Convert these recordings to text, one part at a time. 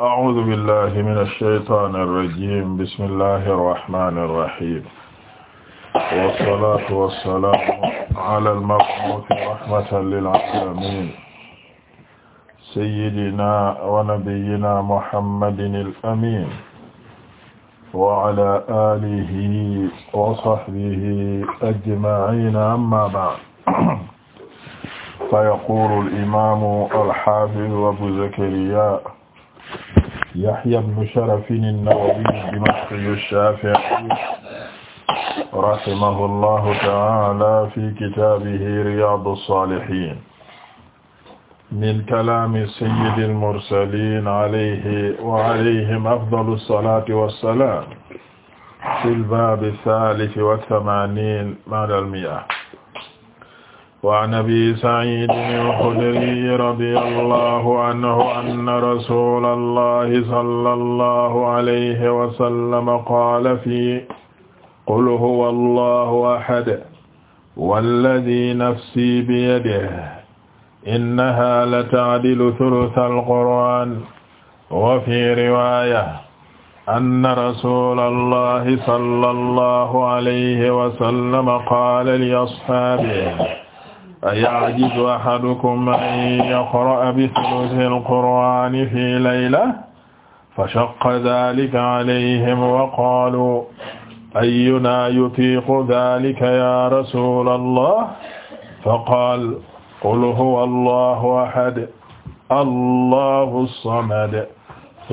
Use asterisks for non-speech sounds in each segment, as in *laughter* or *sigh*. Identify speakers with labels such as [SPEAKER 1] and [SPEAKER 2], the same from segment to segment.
[SPEAKER 1] أعوذ بالله من الشيطان الرجيم بسم الله الرحمن الرحيم والصلاة والسلام على المبعوث رحمة للعالمين سيدنا ونبينا محمد الأمين وعلى آله وصحبه أجمعين أما بعد فيقول الإمام الحافظ أبو زكريا Yahya ibn Sharaf an-Nawawi ad-Dimashqi ash-Shafi'i rahimahullahu ta'ala fi kitabihi Riyad as-Salihin min kalami sayyidi al-mursalin alayhi wa alayhim afdalu as-salati was-salam fil bab ath-thalith wa thamaniin ba'da al-mi'a وعن أبي سعيد الخدري رضي الله عنه أن رسول الله صلى الله عليه وسلم قال في قل هو الله أحد والذي نفسي بيده إنها لتعدل ثلث القرآن وفي رواية أن رسول الله صلى الله عليه وسلم قال لأصحابه ayajizu ahadukum an yaqra'a bi thuluthi al-qur'ani fi layla fa shaqqa dhalika alayhim wa qalu ayyuna yutiqu dhalika ya rasula allah fa qala qul huwa allahu ahad allahu samad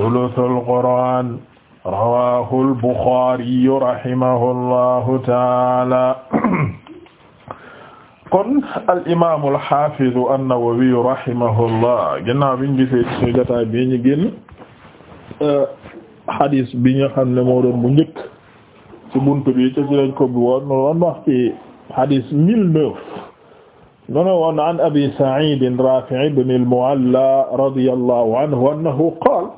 [SPEAKER 1] thuluthu al-qur'an rawahu al-bukhari rahimahu allahu ta'ala kon al imaam al haafiz an-Nawawi rahimahullah ginnaaw bi ñu gisee ci jotaay bi ñu génn euh, hadis bi ñu xam ne moo doon bu njëkk ci buntu bi ci lañ ko bi woon woon wax ci hadis mille neuf noonu woon an Abi Sa'iid Raafi' ibn al-Mu'alla radiyallahu anhu annahu qaala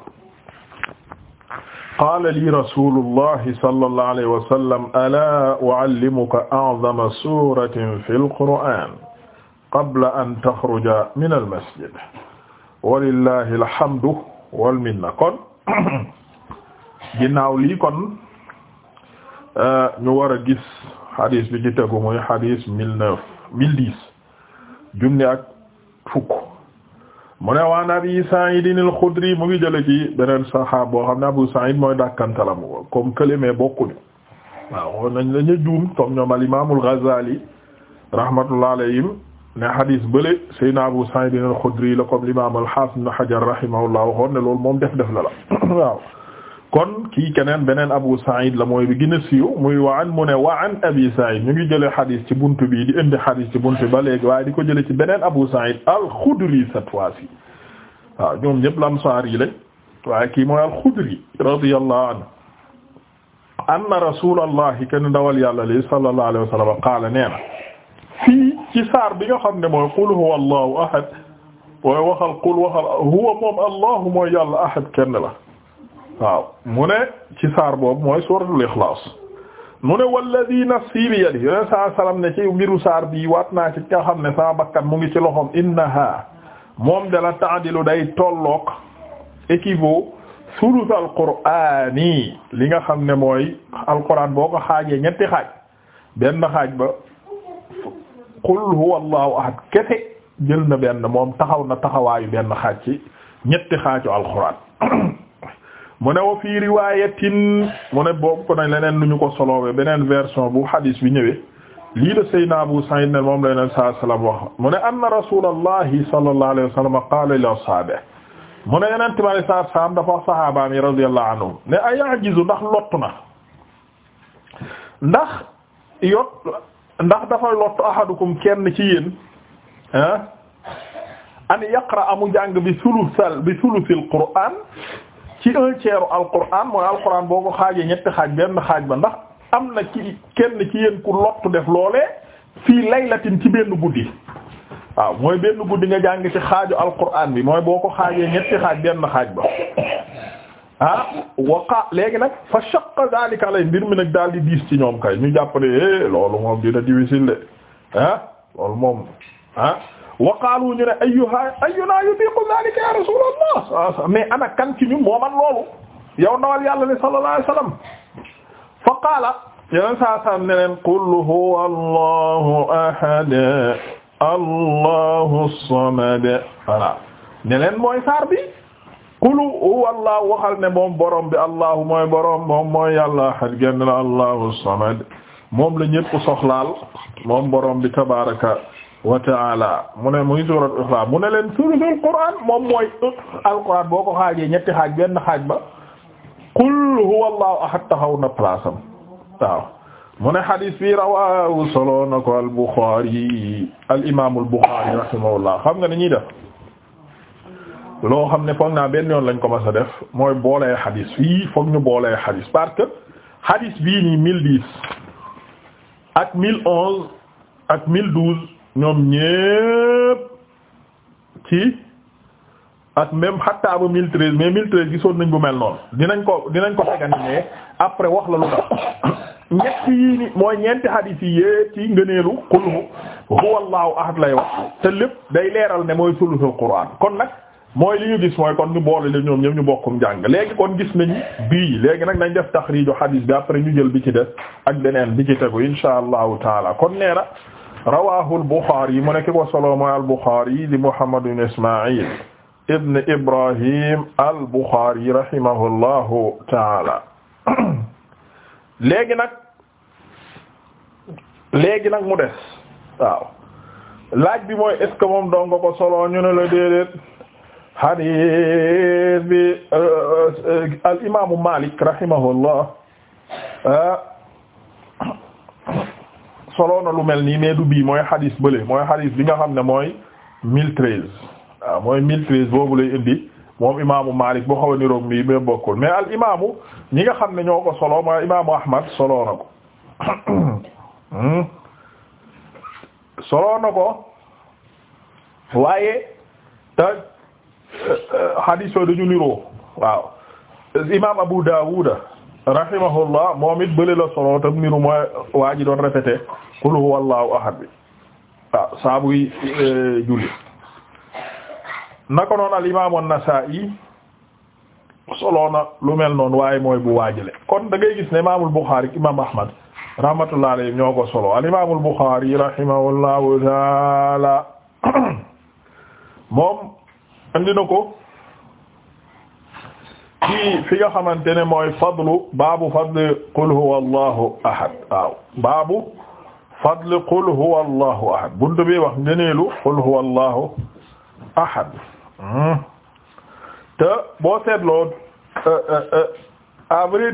[SPEAKER 1] qaala lii rasuulullahi sallallahu alayhi wa sallam alaa u'allimuka a'zama suuratin fil qur'aan qabla an taxruja minal masjid walillahi alhamdu wal minna kon *clears throat* ginnaaw lii kon euh, ñu war a gis xadis bi ci tegu muy xadis mille neuf mille dix junni ak fukk. mu ne waan abi Saïdin al-Khudri mu ngi jële ci beneen saxaab boo xam ne Abu Saïd mooy dàkkantalam comme kële mais bokkuñu waaw nañ la ñu juum comme ñoom al imaamul Ghazali rahmatullah alayhim ne hadis bële Seydina Abu Saïdin al-Khudri la comme l'imam al-Hafiz Ibn ne loolu moom def def la la *coughs* waaw kon kii keneen beneen Abu Sa'id la mooy bi gën a siiw muy waan mu ne waan Abi Sa'id ñu ngi jëlee xadis ci buntu bii di indi xadis ci buntu ba léegi waaye di ko jëlee ci beneen Abu Sa'id al-Khudri sa fois a waaw ñoom ñëpp Ansaar yi lañ kii mooy al-Khudri radiyallahu anhu anna rasulallahi kenn dawal yàlla li sallallahu alayhi wa sallam bi nga xam ne mooy qul huwa allahu ahad mooy waxal qul waxal huwa moom allahu mooy yàlla ahad kenn la waaw mu ne ci saar boobu mooy suuratul ixlaas mu ne walladi nafsi bi yadi yoneen saa salaam ne ci mbiru saar bii waat naa ci nga xam ne sama bakkat mu ngi ci loxoom innaha moom dala taadilu day tolloog équivaut sulus alqur'ani li nga xam ne mooy alqur'an boo ko xaajee ñetti xaaj benn xaaj ba qul huwa allahu ahad kese jël na benn moom taxaw na taxawaayu benn xaaj ci ñetti xaaju alqur'an *clears throat* mu ne wa fii riwaayatin mu ne boobu ko nañ leneen lu ñu ko soloowe beneen version bu hadis bi ñëwee lii la Seydina Abu Sa'id ne moom la yeneen saa salaam wax mu ne anna rasulallahi sallallahu alayhi wa sallam qaala li ashaabihi mu ne yeneen tamit saa dafa wax saxaabaam yi radiyallahu ne ayajizu ndax lottu na ndax yot ndax dafa lottu ahadukum kenn ci yéen ah, yaqra amu jàng bi sulusil bi sulusil ci un tiers u alquran mooy alquran boo ko xaajee ñetti xaaj benn xaaj ba ndax am na ki kenn ci yéen ku lottu def loole fii laylatin ci benn guddi waaw mooy benn guddi nga jàng ci xaaju alquran bi mooy boo ko xaajee ñetti xaaj benn xaaj ba ah waqa léegi nag fa shaqqa zalika lay mbir mi nag daal di diis ci ñoom kay ñu jàppale eh loolu moom dina difficile de ah loolu moom ah wa qaalu ñu ne ayyuha ayyuna yutiqu zalika ya rasulullah mais ana kan ci ñun moo man loolu yow ndawal yàlla ni sallallahu alayhi wasallam fa qaala yeneen saa saam ne leen qul huwa allahu ahad allahu samad voilà ne leen mooy saar bi qul huwa allahu waxal ne moom borom bi allahu mooy borom moom mooy yàlla ahad genn la allahu samad moom la ñépp soxlaal moom borom bi tabaraka wa ta'ala mu ne muy suuratul Ikhlas mu ne leen suuratul Qur'an moom mooy alquran boo ko xaajee ñetti xaaj benn xaaj ba qul huwa allahu ahad taxaw na place am mu ne hadis bi rawaahu solo na ko al Bukhari al imaam al xam nga ni ñuy def loo xam ne foog naa benn yoon lañ ko mas def mooy boolee hadis fii foog ñu boolee hadis parce que hadis bii nii mille dix ak mille onze ak mille douze ñoom ñépp ci ak même xatta ba mille treize mais mille treize gisoon nañ bu mel noonu dinañ ko dinañ ko tegani ne après wax la lu tax ñett yii ni mooy ñeenti xadiis yi yépp ci ngëneelu qul huwa allahu ahad lay wax te lépp day leeral ne mooy sulusul quraan kon nag mooy li ñu gis mooy kon ñu boole la ñoom ñoom ñu bokkum jàng léegi kon gis nañ bii léegi nag nañ def tax taxriiju xadiis bi après ñu jël bi ci def ak beneen bi ci tegu insha allahu taala kon rawaahu al-Bukhari mu nekk ko solo mooy al-Bukhari di Muhammad ibn Isma'il ibn Ibrahim al-Bukhari rahimahullahu ta'ala léegi nag léegi nag mu des waaw laaj bi mooy est-ce que moom doon nga ko solo ñu ne la déedéet hadith bi al imaamu Malik rahimahullah ah, soloo na lu mel nii mais du bii mooy xadis bële mooy xadis bi nga xam ne mooy mille treize mooy mille treize boobu lay indi moom imaamu Maalik boo xaw a niroog mii mais bokkul mais al imaamu ñi nga xam ne ñoo ko solo mooy imaamu Ahmad soloo na ko *coughs* soloo na ko waaye te euh, euh, xadis yooyu dañu niroo waaw imaam Abu Daawuda rahimahullah moom it bële la solo tam niru mooy waa ji doon répété qul huwallahu ahad bi waaw ah, saabuy eh, julli naka noonu al imaam an-Nasaa'i solo na lu mel noon waaye mooy bu waajale kon da gis ne imaamul Buxaari imaam Ahmad rahmatullah alayhi ñoo ko solo al imaamul Buxaari rahimahullahu taala moom andi na ko. ci fi nga xamante ne mooy fadlu baabu fadli qul huwa allahu ahad baabu fadli qul huwa allahu ahad buntu bi wax ngëneelu qul huwa allahu ahad hmm. te boo seetloo euh, euh, euh, à vrai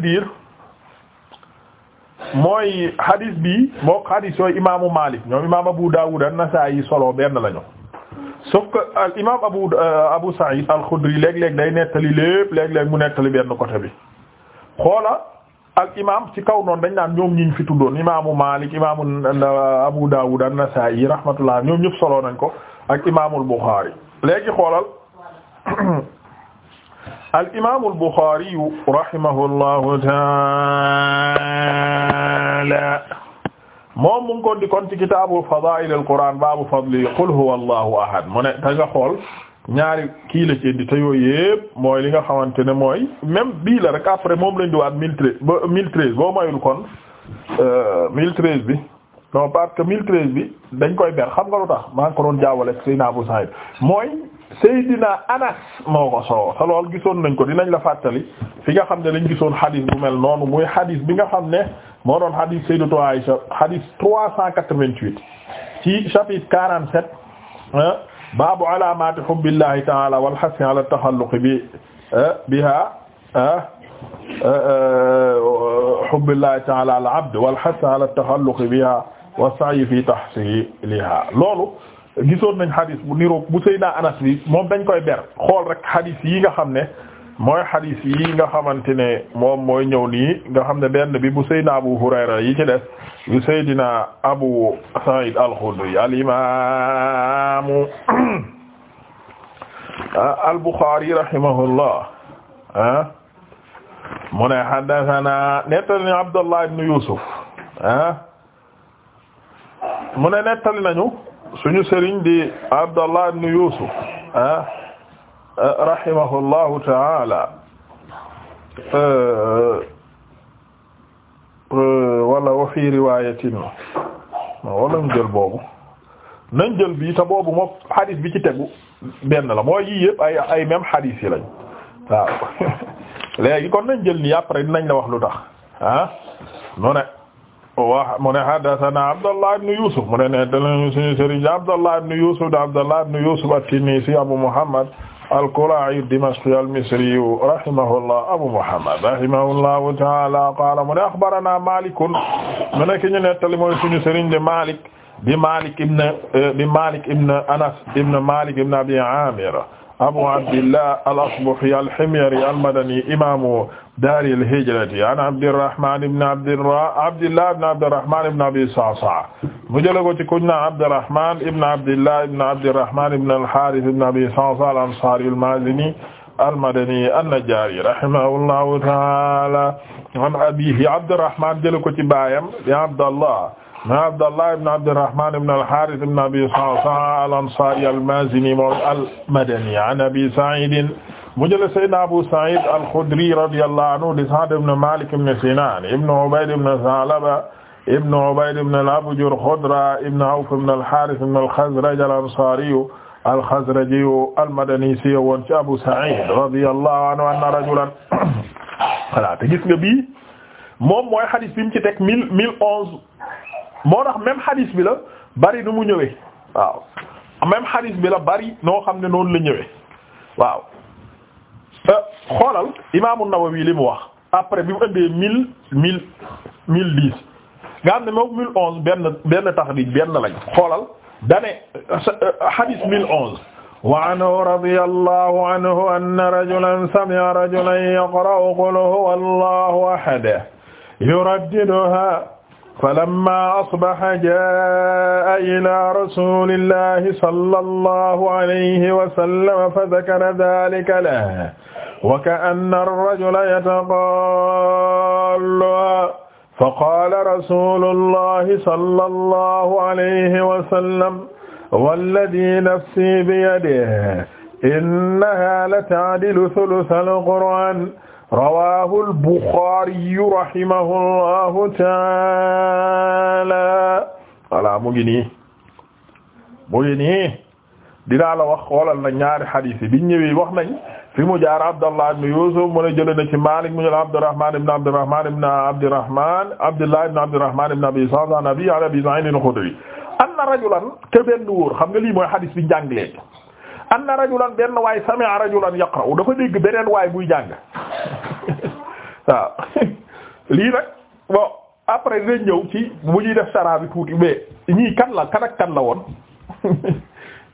[SPEAKER 1] mooy hadis bi mook hadis yooyu imaamu Malik ñoom imaamu Abu Dawud an-Nasa'i solo benn lañu sauf que al euh, imaam Abu euh, Abu Sa'id al-Khudri léeg-léeg day nettali lépp léeg-léeg mu nettali benn côté bi xoola al imaam ci kaw noonu dañ naan ñoom ñiñ fi tuddoon imaamu Maalik imaamu euh, Abu Dawud an-Nasaa'i rahmatullah ñoom ñëpp solo nañ ko ak imaamul Buxaari léegi xoolal *clears throat* al imaamul Buxaari rahimahullahu ta'ala moom mu ngi ko di kon ci kitaabu fadaa'il al-Qur'aan baabu fadli qul huwa allahu ahad mu ne da nga xool ñaari kii la ci indi te yooyu yëpp mooy li nga xamante ne mooy même bii la rek après moom lañ diwaat mille treize ba mille treize boo mayul kon euh, mille treize bi no parce que mille bi dañ koy ber xam nga lu tax maa ngi ko doon jaawale ak Seydina Abu mooy Seydina Anas moo ko solo te lool gisoon nañ ko dinañ la fàttali fi nga xam ne lañ gisoon xadis bu mel noonu muy xadis bi nga xam ne moo doon xadis Sayyidatu Aïcha xadis trois cent quatre vingt a ci chapitre quarante-sept baabu alaamaati hubbillahi ta'ala wal hassi ala taxalluqi bi biha euh, hubbillahi ta'ala al abd wal hassi ala taxalluqi biha wa sa'yi fi tahsiliha loolu gisoon nañ xadis bu niroog bu Seydina Anas bi moom dañ koy ber xool rek xadis yi nga xam ne mooy xadis yi nga xamante ne moom mooy ñëw nii nga xam ne benn bi bu Seydina Abu Hurayra yi ci des bu Seydina Abu Sa'id al-Khudri al imaamu *clears throat* al-Bukhari rahimahullah ah mu ne haddathana nettali nañu Abdullah ibn Yusuf ah mu ne nettali nañu suñu sëriñ di Abdallah ibn Yusuf ah rahimahullahu taala euh, euh, wala wa fi riwayatin wala ñu jël boobu nañ jël bii te boobu moom xadis bi ci tegu benn la mooy yii yëpp ay ay même yi lañ waaw *laughs* léegi kon nañ jël nii après dinañ la wax lu tax ah wa mu ne haddathana Abdallah ibn Yusuf mu ne nettali suñu sëriñ Abdallah ibn Yusuf da Abdallah ibn Yusuf at-Tinnisi Abu Muhammad al-Qula'i ad-Dimashqi al-Misri rahimahullah Abu Muhammad rahimahullahu ta'ala qala mu ne akhbarana Malik mu ne ki ñu nettali mooy suñu sëriñ de Malik di Malik ibn di Malik ibn Anas ibn Malik ibn Abi Amir abu abdillah al-asbahi al-himyari al-madani imaamu daari al-hijrati an abdirrahman ibn abdillah ibn abdirrahman ibn abi sa'sa'a mu jëlee ko ci kuñ na abdirrahman ibn abdillah ibn abdirrahman ibn al-harith ibn abi sa'sa'a al-ansari al-mazini al-madani an-najjari rahimahullahu ta'ala an abihi abdirrahman jëlee ko ci baayam ya abdallah na Abdallah ibn Abdirrahman ibn al-Harith ibn Abi Sa'sa'a al-Ansari al-Mazini al-Madani an Abi Sa'id mu jële Seydina Abu Sa'id al-Khudri radiyallahu anhu di Sa'd ibn Malik ibn Sinan ibn Ubayd ibn Tha'laba ibn Ubayd ibn al-Abjar Khudra ibn Awf ibn al-Harith ibn al-Khazraj al-Ansari al-Khazraji al-Madani si woon ci Abu Sa'id radiyallahu anhu anna rajulan *coughs* voilà te gis nga bii moom mooy hadith bi mu ci teg mille mille onze moo tax même hadith bi la bari nu mu ñëwee waaw même hadith bi la bari noo xam ne noonu la ñëwee waaw euh, xoolal imaamu Nawawi li mu wax après bi mu ëndee mille mille mille dix nga xam ne moom mille onze benn benn taxrij benn lañ xoolal dane euh, hadith mille onze wa anhu radiyallahu anhu anna rajulan sami'a rajulan yaqra'u qul huwa allahu ahad yuraddiduha falamma asbaha jaa ila rasulillahi sallallahu alayhi wa sallam fa dhakara dhalika lahu wa ka'anna ar-rajula yataqallu faqaala rasulullahi sallallahu alayhi wa sallam walladhi nafsi biyadihi innaha lata'dilu thuluthal qur'an rawaahu al-Buxaariyu rahimahullahu taala voilà mu ngi nii mu ngi nii dinaa la wax xoolal na ñaari xadiis yi biñ ñëwee wax nañ fi mu jaar Abdallah ibn Yuusuf mu ne jëlee na ci Maalik mu jël Abdurrahmaan ibn Abdurrahmaan ibn Abdurrahmaan Abdullah ibn Abdurrahmaan ibn Abi Sa'd an Abiihi an Abi Sa'iid al-Xudri anna rajulan ka benn wóor xam nga lii mooy xadiis bi njàngleen anna rajulan benn waay sami'a rajulan yaqra'u dafa dégg beneen waay buy jàng *laughs* waaw lii nag bon après dinañ ñëw ci bu ñuy def saraa bi tuuti mais ñii kan la kan ak kan la woon *laughs*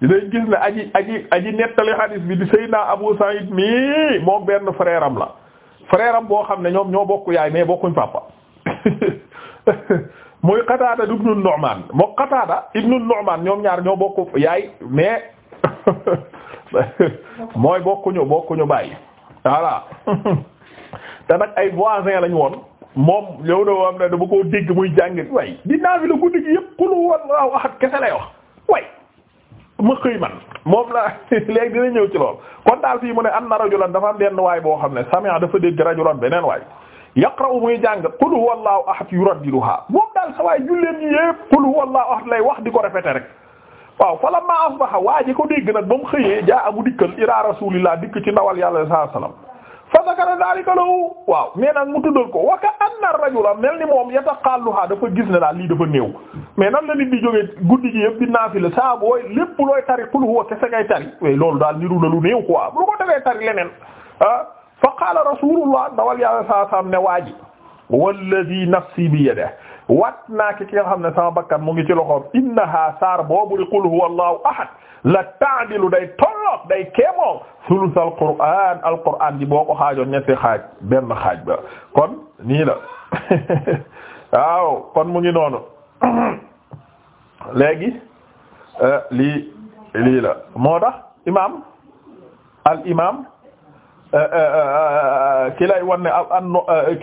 [SPEAKER 1] dinañ gis ne aji aji nettali hadis bi di Seydina Abu Saïd mii moom benn frère la frère am boo xam ne ñoom ñoo bokk yaay mais bokkuñ papa *laughs* muy Qataada ibnu Nu'maan moo Qataada ibnu Nu'maan ñoom ñaar ñoo bokk yaay mais. *laughs* mooy bokkuñu bokkuñu bàyyi voilà *laughs* te nag ay voisins lañu woon moom yow da am ne dama koo dégg muy jàngit way dinaa fi la guddi gi yëpp xulu woon waaw axat kese lay wax way ma xëy man moom la *laughs* léegi dina ñëw ci lool kon daal fii mu ne am na rajulan dafa am benn waay boo xam ne sami'a dafa dégg rajulan beneen waay yaqra'u muy jàng qul huwallahu ahad yuraddiduha moom daal sa waay julleen ñi yëpp qul huwallahu lay wax di ko répéter rek waaw fala ma asbaha waa ji ko dégg nag ba mu xëyee jaa amu dikkal ila rasulillah dikk ci ndawal yàlla sallallahu alayhi wasallam fa zakara daalika lahu waaw mais nan mu tuddal ko waka anna rajula mel ni moom yataqalluha dafa gis ne daal lii dafa néew mais nan la nit di jógee guddi gi yëpp di naafila saa booy lépp looy tari qul huwa kese ngay tari way loolu daal niru na lu néew quoi lu ko defee tari leneen ah fa qaala rasulullah ndawal yàlla sallallahu alayhi wasallam ne waa ji walladi bi wat naa ki ki nga xam ne sama mu ngi ci loxoom innaha saar boobu di qul huwa allahu ahad la ta'dilu day tolloog day keemoo sulus al qur'an al qur'an ji ko xaajoon ñetti xaaj benn xaaj ba kon nii la *laughs* kon mu ngi noonu *coughs* léegi euh, lii lii la imaam al imaam Euh, euh, euh, ki lay wan ne an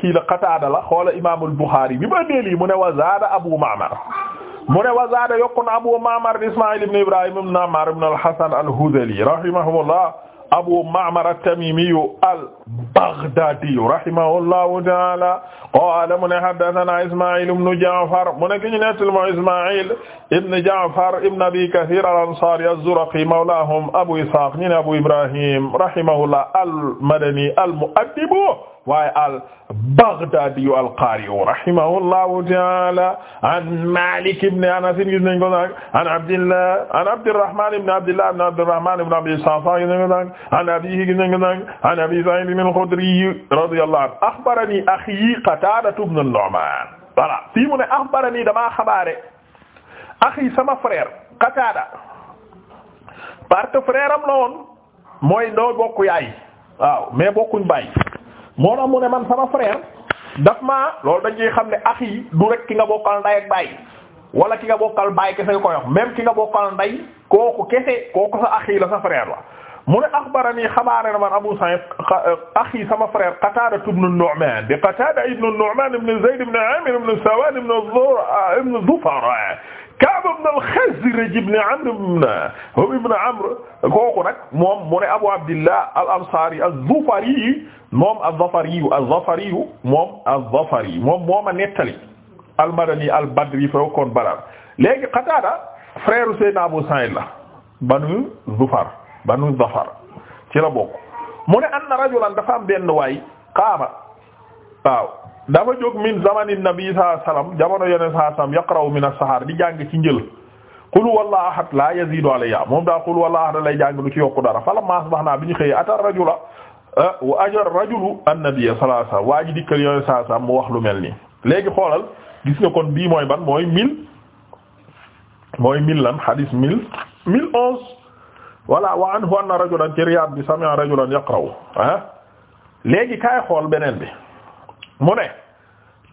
[SPEAKER 1] kii la Qataada la xoola imaamul Buxaari bi ba déeli mu ne wa zaada Abu Ma'mar mu ne wa zaada yokku na Abu Ma'mar Ismaa'il ibn Ibrahim ibn Ammar ibn al-Hasan al-Hudhali rahimahullah abu ma'mar at-tamimiyu al-baghdadiyu rahimahullahu ta'ala qaala mu ne haddathana isma'il ibn ja'far mu ne ki ñu nettali moo isma'il ibn ja'far ibn abi kathir al-ansari az-zuraqi mawlahum abu ishaq ñu ne abu ibrahim rahimahullah al-madani al-mu'addib waaye al Baghdadi al Qari rahimahullahu ta'ala an Malik ibn Anas gis nañ ko nag an Abdillah an Abdirrahman ibn Abdillah ibn Abdirrahman ibn Abi Sa'sa gis nañ ko nag an abihi gis nañ ko nag an Abi Sa'id al-Khudri radiyallahu anhu akhbarani akhi Qatada ibn an-Nu'man voilà fii mu ne akhbarani damaa xabaare akhi sama frère Qatada parce que frère am la woon mooy noo bokk yaay waaw mais bokkuñ baay moo tax mu ne man sama frère daf ma loolu dañ ciy xam ne ax yi du rek ki nga bokkal nday ak baay wala ki nga bokkal baay kese nga koy wax ki nga bokkal nday kooku kese kooku sa ax yi la sa frère la mu ne axbarani xabaare na man Abu Sa'id axi sama frère Qatada ibn Nu'man di Qatada ibn Nu'man ibn Zayd ibn Amir ibn Sawan ah, ibn Zufar ah, Ka'b ibn al-Khazraj ibn Amr ibn Amr kooku nag moom mu ne Abu Abdillah al-Ansari az-Zufari moom az-Zafari az-Zafari moom az-Zafari moom moo ma nettali al-Madani al-Badri fa kon Badar léegi Qatada frère Seydina Abu Sa'id la banu Zufar banu zafar ci la bokk mu ne anna rajulan dafa am benn waay qaama waaw dafa jóg min zamani nabi sallallahu alayhi wasallam jamono yonent sallallahu alayhi wasallam yaqra'u min as-sahar di jàng ci njël qul huwallahu ahad la yazidu alayya moom daa qul huwallahu ahad lay jàng du ci yokku dara fala ma naa bi ñu xëyee ata rajula ah, wa ajar rajulu an-nabi sallallahu alayhi wasallam waa ji dikkal yonent mu wax lu mel nii léegi xoolal gis nga kon bii mooy ban mooy mille mooy mille lan hadis mille mille voilà wa anhu anna rajulan ci Riyaad bi sami'a rajulan yaqra'u ah léegi kaay xool beneen bi mu ne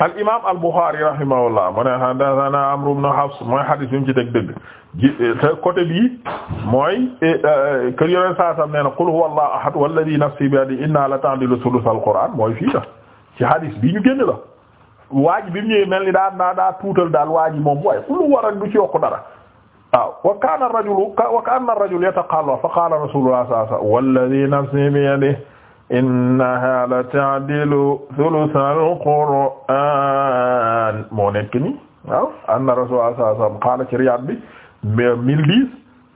[SPEAKER 1] al imaam al Buxaari rahimahullah mu ne haddasanaa Amr ibn Hafs mooy xadis bi mu ci teg dëgg ji te côté bii mooy eh, eh, kër yore saa tam nee na qul huwa Allahu ahad walladii nafsii biyadihi innaa la ta'dilu sulusal mooy fii ci xadis bii ñu génn la. waaj bi mu ñëwee mel ni daa daa tuutal daal waaj moom waaye lu war a du ci yokk dara. waaw wa kaana ar-rajulu wa kaana ar-rajulu yataqalla fa qaala rasuulullah sallallahu alayhi wa sallam walladhi nafsi biyadihi innaha la ta'dilu thulutha al-qur'an moo nekk ni waaw anna rasuulullah sallallahu alayhi wa sallam qaala ci riyaad bi mille dix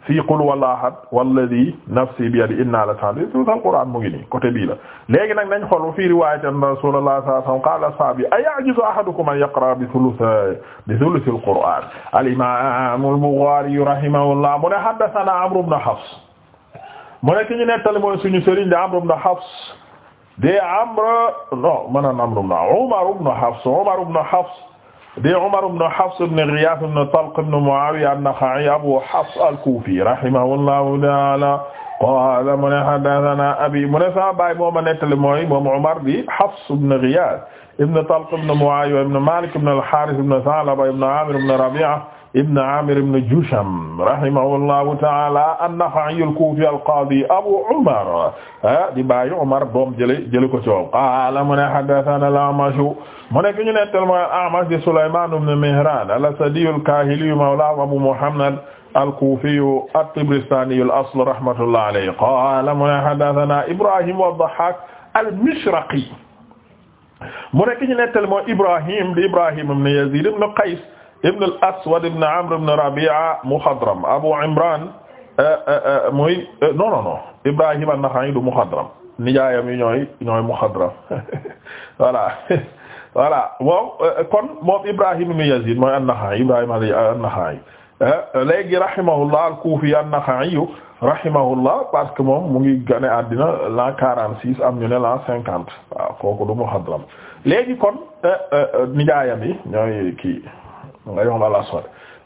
[SPEAKER 1] fii qul wala ahad walladi nafsi bi yadi inna la saabi suuf alquran mu ngi nii côté bii la léegi nag nañ xool fii riwaayatan rasulullah sallallahu alayhi wasallam qaala ashaabi ayajizu ahadukum an yaqra bi thuluthi bi thuluthi alquran al imam al bukhari rahimahullah mu ne haddathana amr ibn hafs mu ne ki ñu nettali mooy suñu sëriñ de amr ibn hafs de amr non man amr ibn umar ibn hafs umar ibn hafs di Umar ibn Hafs ibn Ghiyath ibn Talq ibn Mu'awiya an-Nakha'i Abu Hafs al-Kufi rahimahullahu ta'ala qaala mu ne haddathana abi mu ne sama baay moo ma nettali mooy moom Umar di Hafs ibn Ghiyath ibn Talq ibn Mu'awiya ibn Malik ibn al-Harith ibn Tha'laba ibn Amir ibn Rabi'a ibn Amir ibn Jusham rahimahullahu ta'ala an-Naxa'i al-Kufi al-Qadi Abu Umar ah di bàyyi Umar doom jëlee jëlee ko ci moom qaala mu ne haddathana al-A'mash mu ne ki ñu nettal mooy al-A'mash di Sulaymaan ibn Mihraan al-Asadi al-Kaahili mawla Abu Muhammad al-Kufi at-Tabaristani al-asl rahmatullahi alayhi qaala mu ne haddathana Ibrahim ad-Dahhak al-Mishraqi mu ne ki ñu nettal mooy Ibrahim di Ibrahim ibn Yazid ibn Qays ibn al-Aswad ibn Amr ibn Rabi'a muxadram Abu Imran eh, eh, eh, muy non Ibrahim an-Nakha'i du muxadram nijaayam yi ñooy ñooy muxadram *laughs* voilà *laughs* voilà Ibrahim ibn Yazid mooy an-Nakha'i Ibrahim an-Nakha'i léegi al-Kufi an-Nakha'i rahimahullah parce que moom mu ngi gane àddina l'an quarante am ñu ne cinquante waaw muxadram léegi kon nijaayam yi ñooy kii. nga yox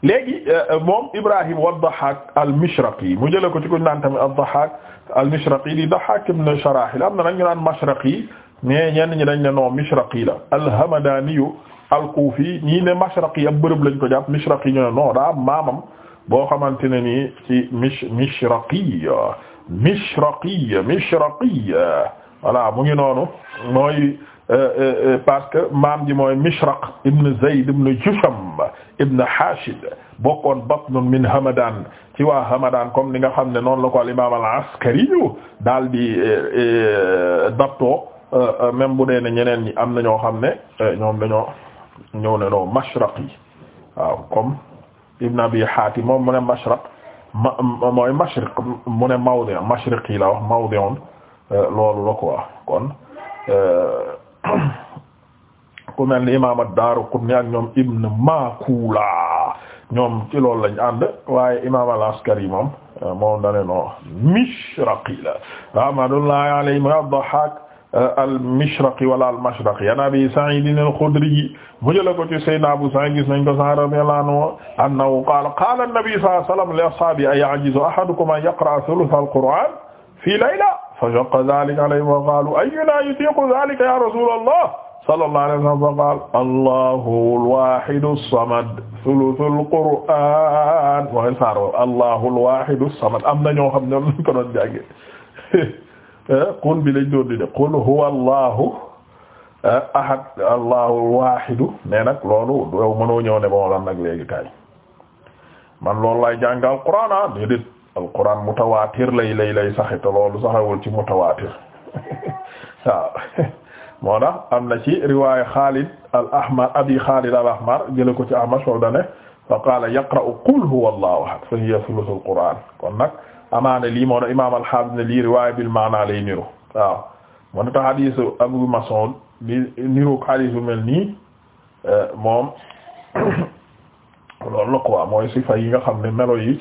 [SPEAKER 1] léegi euh, euh, moom Ibrahim wa Dahhak al-Mishraqi mu jëlee ko ci ku ñu naan tamit ad-Dahhak al-Mishraqi di Dahhak ibn Sharahil am na nag ñu naan Mashraqi mais ñenn ñi dañ ne non Mishraqi la al-Hamadani al-Kufi ñii ne Mashraqi ab bërëb lañ ko jàpp Mishraqi ñu ne boo xamante ne nii ci Mish Mishraqi Mishraqi Mishraqi voilà mu ngi noonu Euh, euh, euh, parce que maam ji mooy Mishraq ibn Zayd ibn Jusham ibn Hashid bokkoon batnun min Hamadan ci waa Hamadan comme ni nga xam ne noonu la ko al imaam al-Askari daal di daptoo même bu dee ne ñeneen ñi am na ñoo xam ne ñoom dañoo ñëw ne noo Mashraq yi waaw comme Ibn Abi Hatim moom mu ne Mashraq ma mooy Mashriq mu ne mawdi Mashriq yi la wax mawdi kon. *coughs* ku mel ni imaam ad-Daaraqutni ak ñoom Ibn Maakula ñoom ci loolu lañ ànd waaye imaam al-Askari moom euh, moom dane no Mishraqi la rahmatullahi alayhi mu ad-Dahhaak euh, al-Mishraqi wala al-Mashraqi an Abi Sa'iid al-Khudri mu jële ko ci Sayyidina Abu Sa'iid gis nañ ko sa radiyallahu anhu annahu qaala qaala an-nabi sallallahu alayhi wa sallam li ashaabihi a ya'jizu ahadukum an yaqra'a thulutha al-Qur'aan fii layla fa shaqqa dhalika alayhim wa qalu ayyuna yutiqu dhalika ya rasulallah sallallahu alayhi wa sallam fa qala allahu alwahidu samad thuluthul qur'an waxe saaro allahu alwahidu samad am na ñoo xam ne lañ ko doon jànge eh, qul bi lañ doon di de qul huwa allahu eh, ahad allahu alwahidu mais nag loolu dow mënoo ñëw ne ba ma lan nag léegi kay man loolu lay jàngal qur'an ah déedéet alquran mutawaatir lay lay lay saxita loolu saxawul ci mutawaatir *laughs* waaw *laughs* moo tax am na ci riwaaya Xaalid al ahmar abi Xaalid al ahmar jële ko ci ahmar soo dane fa qaala yaqra'u qul huwa allahu ahad fa hiya thuluthul qur'an kon nag amaane lii moo tax imaam al-Haafiz ne lii riwaaya bil maana lay niru waaw moo tax hadiisu Abu Mas'ud bi niru hadiis bu mel nii eh, moom *coughs* loolu la quoi mooy sifa yi nga xam ne melo yi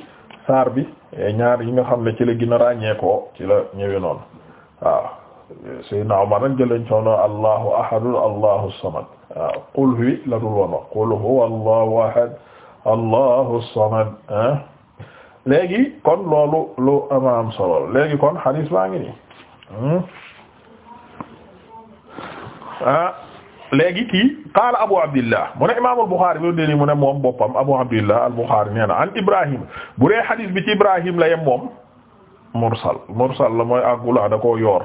[SPEAKER 1] saar bi eh, ñaar yi nga xam ne ci la gën a ràññeekoo ci la ñëwee noonu waaw Seydina Umar nag jëlañ coono allahu ahadul samad qul wi la dul woon wax qul huwa allahu ahad allahu samad léegi kon loolu lu ama solo léegi kon xadiis baa ngi nii hmm? ah léegi kii qaala abu abdillah mu ne imaamul buxaari loolu léegi mu ne moom boppam abu abdillah al buxaari nee na an ibrahim bu dee xadis bi ci ibrahim la yem moom mursal mursal la mooy àggula da koo yoor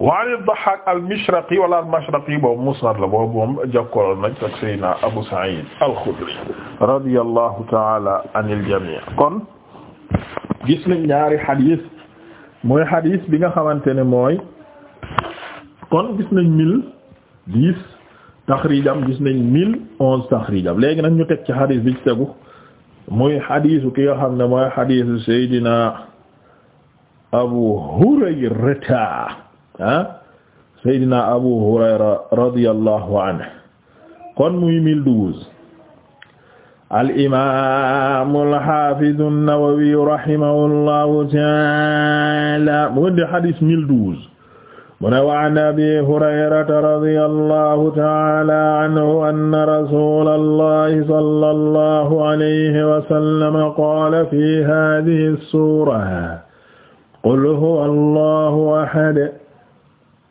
[SPEAKER 1] wa an ad-Dahhaak al-Mishraqi wala al-Mashraqi boobu musnad la boobu moom jokkool nañ ak Seydina Abu Sa'id al-Khudri radiyallahu ta'ala anil jami' kon gis nañ ñaari xadis mooy xadis bi nga xamante ne mooy kon gis nañ mille dix taxrijam gis nañ mille onze taxrijam léegi nag ñu teg ci xadis bi ci tegu muy xadisu ki nga xam ne mooy xadisu Seydina Abu Hurayrata ah Seydina Abu Hurayra radiyallahu anhu kon muy mille douze al imaam al xaafiz an-Nawawi rahimahullahu ta'ala mu ngi di xadis mille douze mu ne wa an abi hurayrata radiyallahu ta'ala anhu anna rasulallahi sallallahu alayhi wa sallam qaala fi hadhihi as-suura qul huwa allahu ahad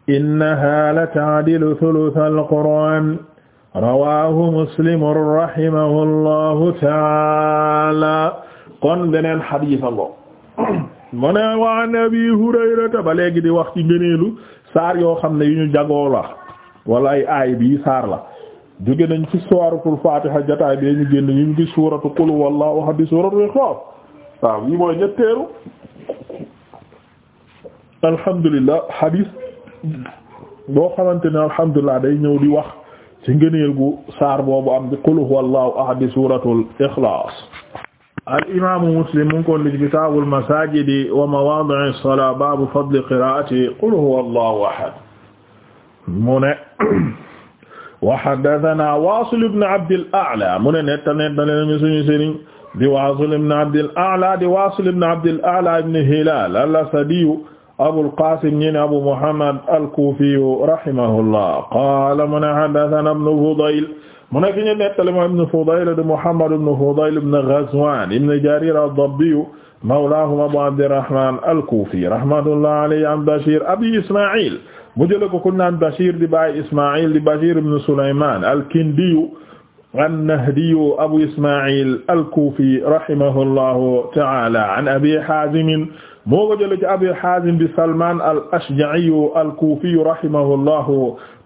[SPEAKER 1] innaha lata'dilu thulutha al-qur'aan rawaahu muslimun rahimahu allahu taala kon beneen xadiis a ngo *coughs* mu ne wa an abi hurayrata ba léegi di wax ci ngëneelu saar yoo xam ne yu ñu jagoo la wala ay aay bii saar la jóge nañ ci suuratul faatiha jotaay bee ñu génn ñu ngi suuratu qul huwallahu ahad suuratul ikhlas waaw yi mooy ñetteelu alhamdulillah hadis boo xamante ne alhamdulillah day ñëw di wax ci ngëneel gu saar boobu am di qul huwallahu ahad suuratul ikhlas al imaamu muslim mu ngi ko indi ci kitaabul masaajidi wa mawaadi'i salaa baabu fadli qiraa'ati qul huwa allaahu ahad mu ne wa haddathanaa waasil ibn abdil a'laa mu ne netta netta leen mi suñu sëriñ di waasil ibn abdil a'laa di waasil ibn abdil a'laa ibn hilaal al-asadiyu abul qaasim ñi ne abu muhammad al-kuufiyu rahimahullah qaala mu ne haddathanaa ibn fudayl mu nekk ñu nettali moo ibn Fudayl de Muhammad ibn Fudayl ibn Ghazwan ibn Jarir ad-Dabbi mawlahum Abu Abdirrahman al-Kufi rahmatullah alayhi an Bashir Abi Isma'il mu jële ko ku naan Bashir di bàyyi Isma'il di Bashir ibn Sulayman al-Kindi an-Nahdi Abu Isma'il al-Kufi rahimahullahu ta'ala an Abi Hazim moo ko jëlee ci Abi Haazim bi Salmaan al-Ashja'i al-Kuufi rahimahullahu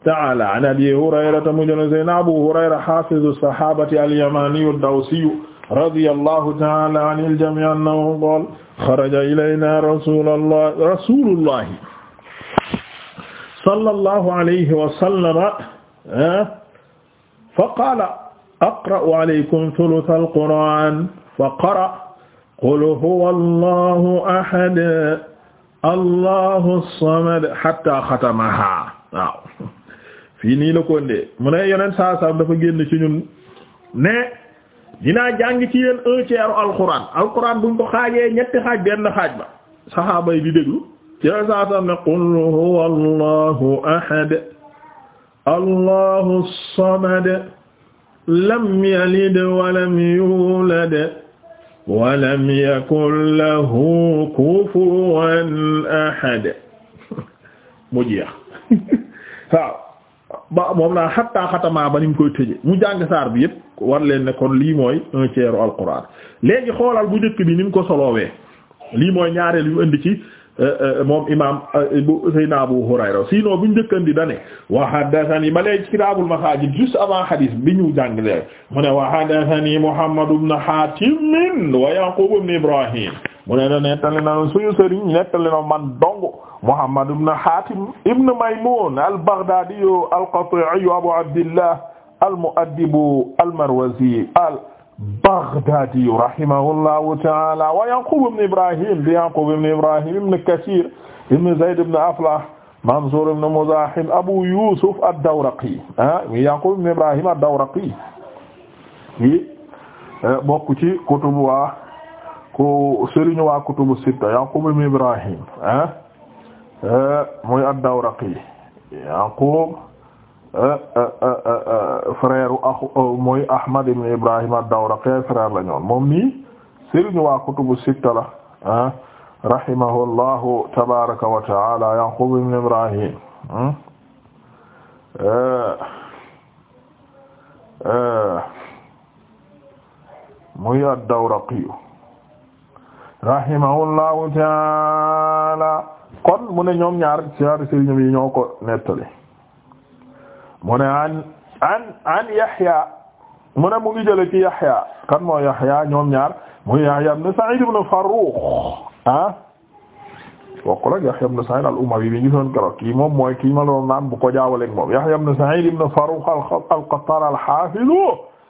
[SPEAKER 1] ta'aala an Abi Hurayrata mu jëlee Seydina Abu Hurayra haafizu sahaabati al-Yamaani ad-Dawsi radiyallahu ta'aala anil jamii' annahu qaala xaraja ilaynaa rasuulullah rasuulullah sallallahu alayhi wa sallama eh? fa qaala aqra'u alaykum thuluthal qur'aan fa qara'a qul huwa allahu ahad allahu samad hatta xatamaha waaw fii nii la ko ndee mu ne yeneen saa saa dafa génn ci ñun ne dinaa jàng ci yéen un tiers alquran alquran buñ ko xaajee ñetti xaaj benn xaaj ba saxaaba yi di déglu ci yeneen saa saa ne qul huwa allahu ahad allahu samad lam yalid wa lam yulad walam yakun lahu kufuwan ahad mu jeex *laughs* waaw ba moom laa xattaa xatamaa ba ni mu koy tëje mu jàng saar bi yëpp war leen kon lii mooy un tiers u alquran léegi xoolal bu njëkk bi ni mu ko soloowee lii mooy ñaareel yu indi ci Euh, euh, moom imam euh, bu Seydina Abu Hurayra sinon bu njëkkandi dane wa haddathani ma léegi kitaabul masaajid juste avant hadith bi ñu jànglee mu ne wa haddathani Muhammad ibn Hatim wa Yaqub ibn Ibrahim mu ne nettali na suñu sëriñ nettali na man dong Muhammad ibn Hatim ibn Maymun al-Baghdadi al-Qati'i Abu Abdillah al-Mu'addib al-Marwazi al Baghdadi rahimahullahu ta'ala wa Yaqub ibn Ibrahim bi Yaqub ibn Ibrahim ibn Kathir ibn Zayd ibn Aflah Mansur ibn Muzahim Abu Yusuf ad-Dawraqi ah Yaqub ibn Ibrahim ad-Dawraqi yi eh, bokk ci kutubu waa ku sëriñu waa kutubu sitta Yaqub ibn Ibrahim ah eh, mooy ad-Dawraqi Yaqub Euh, euh, euh, frère u mooy Ahmad ibn Ibrahim ad-Dawraqi frère la moom nii sëriñu waa kutubu sitta la ah, rahimahullahu tabaraka wa taala Yaqub ibn Ibrahim hmm? muy ad-Dawraqi rahimahullahu taala kon mu ne ñoom ñaar ci sëriñ ñoo ko nettali mu ne an an an Yahya mu ne mu ngi jële ci Yahya kan moo Yahya ñoom ñaar muy Yahya ibn Sa'id ibn Farrukh ah bokkul ak Yahya ibn Sa'id al-Umawi bi ñu gisoon keroog kii moom mooy kii ma doon naan bu ko jaawaleeg moom Yahya ibn Sa'id ibn Farrukh al-Qattan al-Hafiz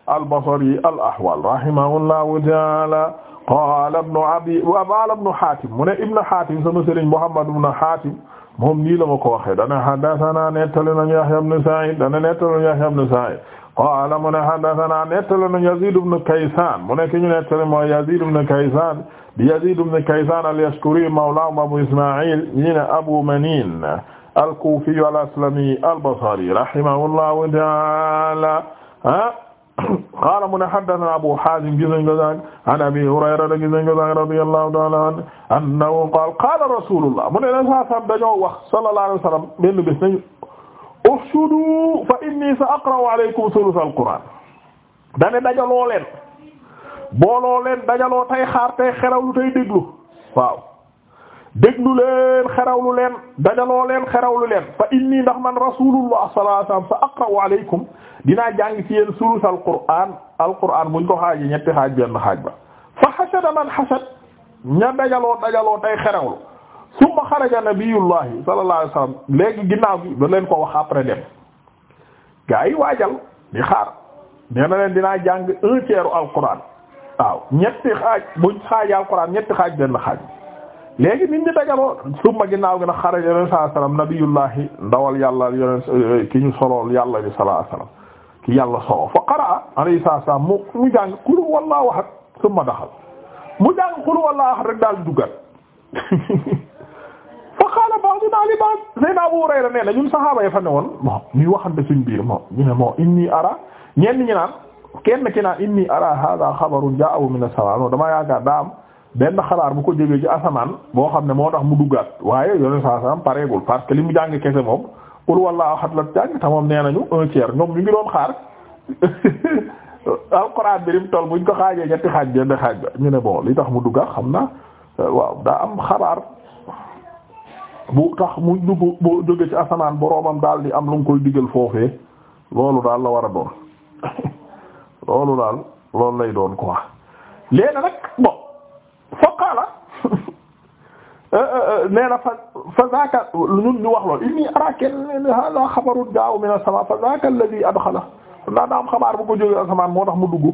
[SPEAKER 1] al-Basri al-Ahwal rahimahullahu ta'ala qala ibn Abi wa qala ibn Hatim mu ne ibn Hatim sama sëriñ Muhammad ibn Hatim moom nii la ma ko waxee dana haddathana nettali nañu Yahya ibn Sa'id dana nettali nañu Yahya ibn Sa'id qaala mu ne haddathana nettali nañu Yazid ibn Kaysan mu nekk ñu nettali mooy Yazid ibn Kaysan di Yazid ibn Kaysan al-Yashkuri mawlahum Abu Isma'il ñi ne Abu Manin al-Kufi al-Aslami al-Basri rahimahullahu ta'ala qaala mu ne haddathana Abu Haazim gis nañ ko sànq an Abi Hurayra gis nañ ko sànq radiyallahu ta'ala anhu annahu qaala qaala Rasulullah mu ne la saa sàmm dañoo wax sallallahu alayhi wa sallam benn bés nañu ushudu fa inni sa aqra'u alaykum thuluth al-Qur'an dane dajaloo leen booloo leen dajaloo tey xaar tey xerawlu tey déglu waaw déglu leen xerawlu leen dajaloo leen xerawlu leen fa inni ndax man rasulullah sallallahu alayhi wasallam sa aqra'u alaykum dinaa jàng ci yéen sulus alquran alquran buñ ko xaajee ñetti xaaj benn xaaj ba fa xasada man xasad ña dajaloo dajaloo tey xerawlu summa xaraja nabiyullahi sallallahu alayhi wasallam léegi ginnaaw bi da leen ko wax après dem gaa yi waajal di xaar nee na leen dinaa jàng un tiers alquran waaw ñetti xaaj buñ xaajee alquran ñetti xaaj benn xaaj léegi nit ñi dajaloo summa ginnaaw gi nag xaraja yoneen saa sallam ndawal yàlla eh, ki ñu solool yàlla bi salaa sallam ki yàlla solo fa qaraa alayhi mu mu jàng qul huwallahu ahad daxal mu jàng qul huwallahu ahad rek daal duggat *laughs* fa qaala ba'dunaa li ba'd Seydina Abu Hurayra nee na ñun saxaaba ya woon bon ñuy waxante suñ moo inni ara ñenn ñi kenn ki naan inni ara haaza xabarun jaa'a min as-samaa damaa yaakaar daa am benn xabaar bu ko jógee ci asamaan boo xam ne moo tax mu duggaat waaye yone saa saam pareegul parce que li mu jàng kese moom qul wallahu ahad la jàng te nee nañu un tiers ñoom ñu ngi doon xaar *laughs* alxuraan bi rim toll buñ ko xaajee ñetti xaaj benn xaaj ba ñu ne boo li tax mu duggaat xam na euh, waaw daa am xabaar bu tax mu dugg bu jóge ci asamaan boroomam daal di am lu mu koy digal foofee loolu daal la war a doon *laughs* loolu daal loolu lay doon quoi léegi nag fa qaala *laughs* euh, euh, euh, nee na fa fa zaaka ñun ñu wax lool inni ara kenn hada xabarun jaa'a min as-samaa fa zaaka alladhi adxala naa xabaar bu ko jógee asamaan moo tax mu dugg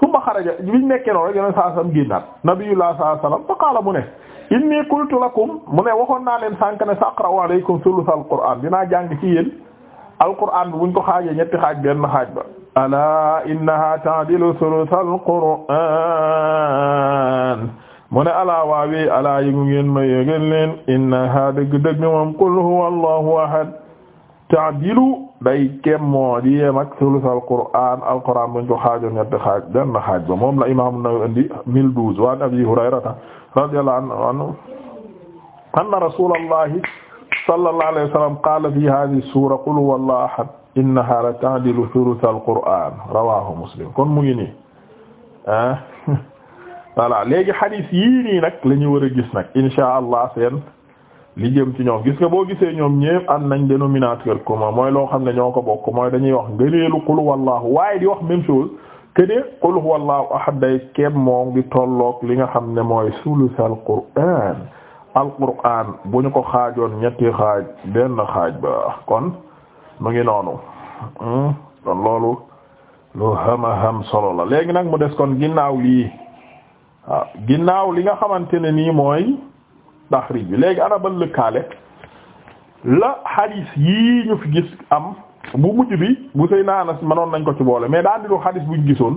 [SPEAKER 1] summa xaraja biñ nekkee noonu rek yeneen saa sam génnaat nabiyullah sallallahu alayhi qaala mu ne inni qultu lakum mu ne waxoon naa leen sànq ne saqra'u alaykum thuluth al-qur'an dinaa jàng ci yéen al-qur'an bi buñ ko xaajee ñetti xaaj benn xaaj ba ala innaha ta'dilu thuluth al-qur'an mu ne alaa waawi alaa yi ngu ngeen ma yégal leen innaha dëgg-dëgg moom qul huwa allahu ahad ta'dilu day kem moo di yem ak alquran alquran buñ ko xaajoon ñetti xaaj benn xaaj ba moom la imam Nawawi indi 1012 waan abi hurayrata radiyallahu anhu anna rasulallahi sallallahu alayhi wa sallam qaala fi hadhihi muslim kon mu ngi ah. *laughs* voilà léegi xadiis yii nii nag lañuy ñu war a gis nag insha allah seen li jëm ci ñoom gis nga boo gisee ñoom ñépp am nañ dénominateur commun mooy loo xam ne ñoo ko bokk mooy dañuy wax ngëneelu qul wallahu waaye di wax même chose que ne qul wallahu ahad day keeb moom di tolloog li nga xam ne mooy sulus al qur'an al qur'an bu ñu ko xaajoon ñetti xaaj benn xaaj ba kon mu ngi noonu hmm, kon loolu lu hama ham solo la léegi nag mu des kon ginnaaw lii waaw ginnaaw li nga xamante ne nii mooy taxrij bi léegi arabal lëkkaale la xadis yii ñu fi gis am bu mujj bi bu sëy na Anas manoon nañ ko ci boole mais daa didu xadis buñ gisoon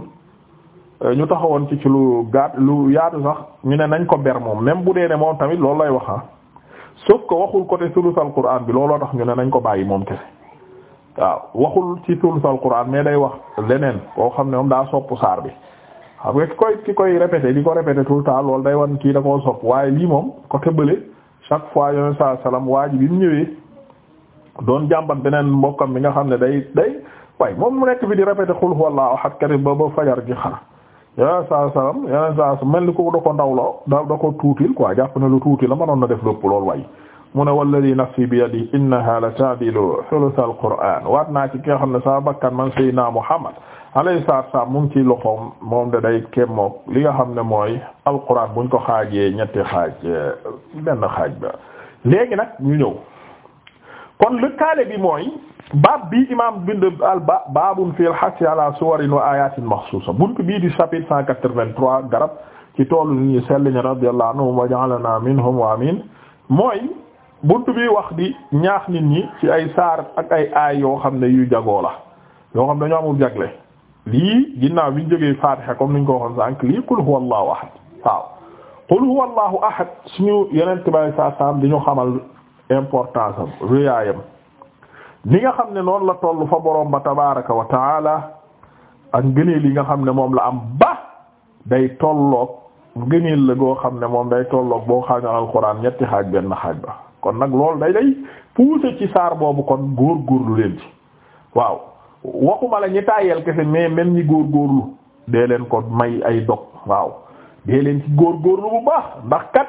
[SPEAKER 1] euh, ñu taxawoon ci ci lu gaat lu yaatu sax ñu ne nañ ko ber moom même bu dee ne moom tamit loolu lay waxa ah. sauf que waxul côté sulusal Qur'an bi looloo tax ñu ne nañ ko bàyyi moom kese waaw waxul ci sulusal Qur'an mais day wax leneen koo xam ne moom daa sopp saar bi xam nga ki koy ki koy répété di ko répété tout le temps loolu day wan kii da koo sopp waaye lii moom côté bële chaque fois yonen saa salaam waa ji bi mu ñëwee doon jàmbat beneen mbokkam bi nga xam ne day day waaye moom mu nekk fi di répété xul huwallahu ahad kari ba ba fajar gi xar yonen saa salaam yonen saa mel ni ku da ko ndaw loo da da ko tuutil quoi jàpp ne lu tuuti la mënoon na def lépp lool mu ne walladi nafsi bi yadi innaha la ta'dilu thuluth al-Qur'an waat naa ci ki nga xam ne saa bakkan man sayyidina Muhammad alayhi salaatu salaam mu ci loxoom moom da day kemmook li nga xam ne mooy alquran buñ ko xaajee ñetti xaaj eh, benn xaaj ba léegi nag ñu ñëw kon lëkkaale bi mooy baab bi imam bind al ba baabun fil hassi ala suwarin wa ayatin maxsuusa bunt bii di chapitre cent quatre-vingt-trois garab ci toolu ñu sell ñi radiyallahu anhum wa ja'alana minhum wa amin mooy bunt bi wax di ñaax nit ñi ci ay saar ak ay aay yoo xam ne yu jagoo la yoo xam dañoo amul jagle lii ginnaaw bi ñu jógee Fatiha comme ni ñu ko waxoon sànq lii qul huwallahu ahad waaw qul huwallahu ahad suñu yeneen tubaab saa saam di ñu xamal importance am rëyaayam ni nga xam ne noonu la toll fa borom ba tabaaraka wa taala ak ngëneel yi nga xam ne moom la am ba day tolloog ngëneel la goo xam ne moom day tolloog boo xaañal alxuraan ñetti xaaj benn xaaj ba kon nag loolu day day puuse ci saar boobu kon góor góorlu leen ci waaw. waxuma la ñu tàyyeel kese mais même ñi góorgóorlu dee leen ko may ay dog waaw dee leen ci góorgóorlu bu baax ndax kat